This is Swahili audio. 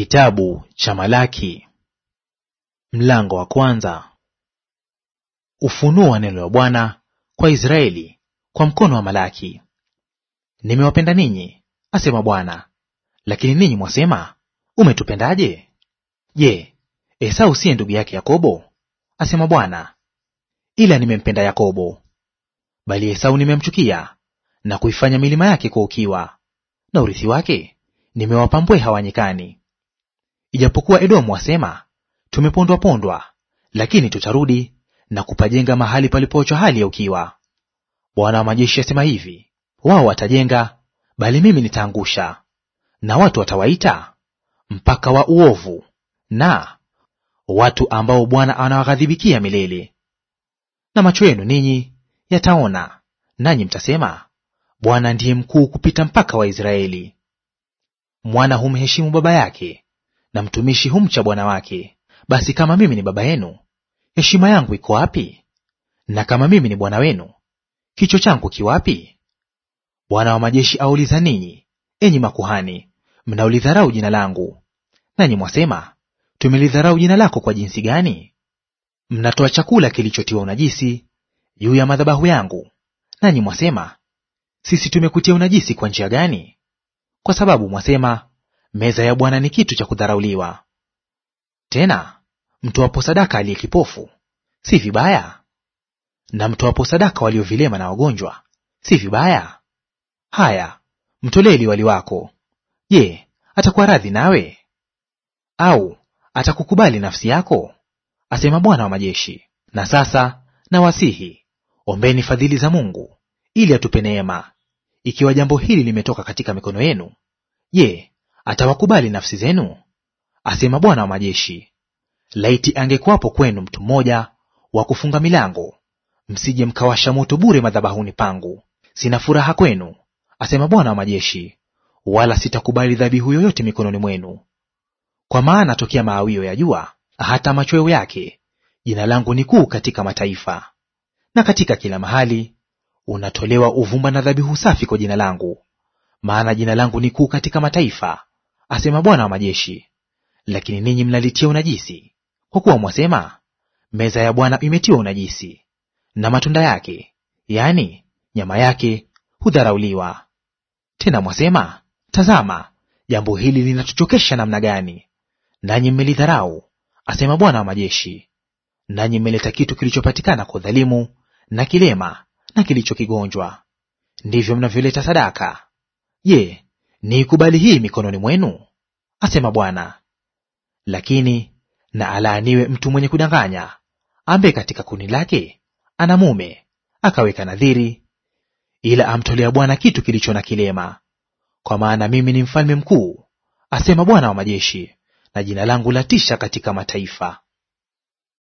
Kitabu cha Malaki mlango wa kwanza. Ufunuo wa neno la Bwana kwa Israeli kwa mkono wa Malaki. Nimewapenda ninyi, asema Bwana, lakini ninyi mwasema, umetupendaje? Je, Esau siye ndugu yake Yakobo? asema Bwana. Ila nimempenda Yakobo, bali Esau nimemchukia, na kuifanya milima yake kwa ukiwa, na urithi wake nimewapa mbweha Ijapokuwa Edomu wasema, tumepondwa pondwa, lakini tutarudi na kupajenga mahali palipoachwa hali ya ukiwa. Bwana wa majeshi asema hivi, wao watajenga, bali mimi nitaangusha. Na watu watawaita mpaka wa uovu, na watu ambao Bwana anawaghadhibikia milele. Na macho yenu ninyi yataona, nanyi mtasema, Bwana ndiye mkuu kupita mpaka wa Israeli. Mwana humheshimu baba yake na mtumishi humcha bwana wake. Basi kama mimi ni baba yenu, heshima yangu iko wapi? Na kama mimi ni bwana wenu, kicho changu kiwapi? Bwana wa majeshi auliza ninyi, enyi makuhani, mnaolidharau jina langu. Nanyi mwasema, tumelidharau jina lako kwa jinsi gani? Mnatoa chakula kilichotiwa unajisi juu ya madhabahu yangu. Nanyi mwasema, sisi tumekutia unajisi kwa njia gani? Kwa sababu mwasema Meza ya Bwana ni kitu cha kudharauliwa. Tena mtoapo sadaka aliye kipofu si vibaya, na mtoapo sadaka walio vilema na wagonjwa si vibaya. Haya, mtolee liwali wako. Je, atakuwa radhi nawe? Au atakukubali nafsi yako? Asema Bwana wa majeshi. Na sasa nawasihi, ombeni fadhili za Mungu ili atupe neema. Ikiwa jambo hili limetoka katika mikono yenu, je, atawakubali nafsi zenu? asema Bwana wa majeshi. Laiti angekuwapo kwenu mtu mmoja wa kufunga milango, msije mkawasha moto bure madhabahuni pangu. Sina furaha kwenu, asema Bwana wa majeshi, wala sitakubali dhabihu yoyote mikononi mwenu. Kwa maana tokea maawio ya jua hata machweo yake, jina langu ni kuu katika mataifa, na katika kila mahali unatolewa uvumba na dhabihu safi kwa jina langu. Maana jina langu ni kuu katika mataifa, asema Bwana wa majeshi. Lakini ninyi mnalitia unajisi, kwa kuwa mwasema, meza ya Bwana imetiwa unajisi, na matunda yake, yaani nyama yake, hudharauliwa. Tena mwasema, tazama, jambo hili linatuchokesha namna gani! Nanyi mmelidharau, asema Bwana wa majeshi. Nanyi mmeleta kitu kilichopatikana kwa udhalimu na kilema na kilicho kigonjwa ndivyo mnavyoleta sadaka. Je, niikubali hii mikononi mwenu? asema Bwana. Lakini na alaaniwe mtu mwenye kudanganya, ambaye katika kundi lake ana mume akaweka nadhiri, ila amtolea Bwana kitu kilicho na kilema. Kwa maana mimi ni mfalme mkuu, asema Bwana wa majeshi, na jina langu latisha katika mataifa.